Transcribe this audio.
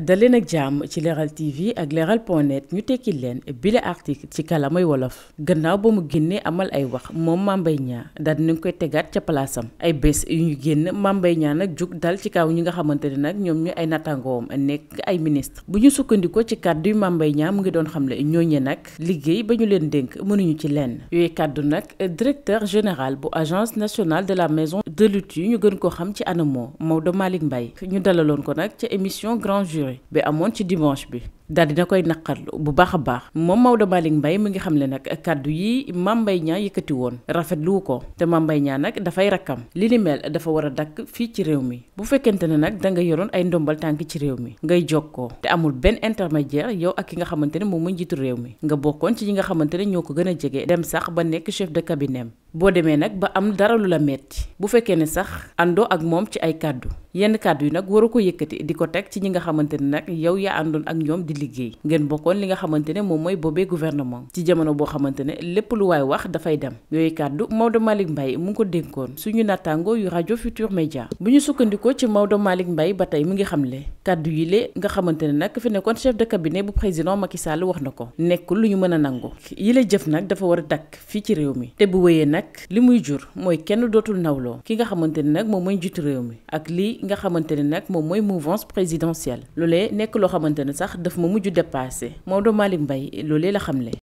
daleen ak jàmm ci leeral TV ak leeral point ñu tekki leen bile article ci kalamay wolof gannaaw ba mu génnee amal ay wax moom Mame Mbaye Niang daal nañ koy tegaat ca palaasam ay bés yu ñu génn Mame Mbaye nag jug dal ci kaw ñi nga xamante ne nag ñoom ñu ay a nekk ay ministre bu ñu sukkandiku ci kaddu yu Mame mu ngi doon xamle ñooñe nag liggéey ba ñu leen dénk mënuñu ci lenn yooyu kàddu nag directeur général bu agence nationale de la maison de lutte ñu gën ko xam ci ANAMO Maodo Malick Mbaye ñu dalaloon ko nag émission grand yooyu bi amoon ci dimanche bi daal dina koy naqarlu bu baax a baax moom Maodo Malick Mbaye mu ngi xam le nag kàddu yi Mame Mbaye Niang yëkkati woon rafetlu ko te Mame Mbaye Niang nag dafay rakkam li ni dafa war a dakk fii ci réew mi bu fekkente ne nag da nga yoroon ay ndombal tànk ci réew mi ngay jog jokkoo te amul benn intermédiaire yow ak ki nga xamante ne moom mooy njiitu réew mi nga bokkoon ci ñi nga xamante ne ñoo ko gën a jege dem sax ba nekk chef de cabinet boo demee nag ba am dara lu la bu fekkee ne sax àndoo ak moom ci ay kàddu yenn kàddu yi nag war a ko yëkkati di ko teg ci ñi nga xamante ne nag yow yaa àndoon ak ñoom di liggéey ngeen bokkoon li nga xamante ne moom mooy boobee gouvernement ci boo xamante ne lépp lu waay wax dafay dem yooyu kàddu Maodo Malick Mbaye mu ngi ko dénkoon suñu nattaangoo yu rajo Futur Média bu ñu sukkandikoo ci Maodo Malick Mbaye ba tey mu ngi xamle kàddu yi lée nga xamante ne nag fi nekkoon chef de cabinet bu président Macky Sall wax na ko nekkul lu ñu mën a nangu yi la nag dafa war a dakk fii ci réew mi te bu wéyee nag li muy jur mooy kenn dootul nawloo ki nga xamante ne nag moom mooy njiitu réew mi ak lii nga xamante ne nag moom mooy mouvance présidentielle loolee nekk loo xamante ne sax dafa ma mujj dépassé Maodo Malick mbay loolee la xam xamle.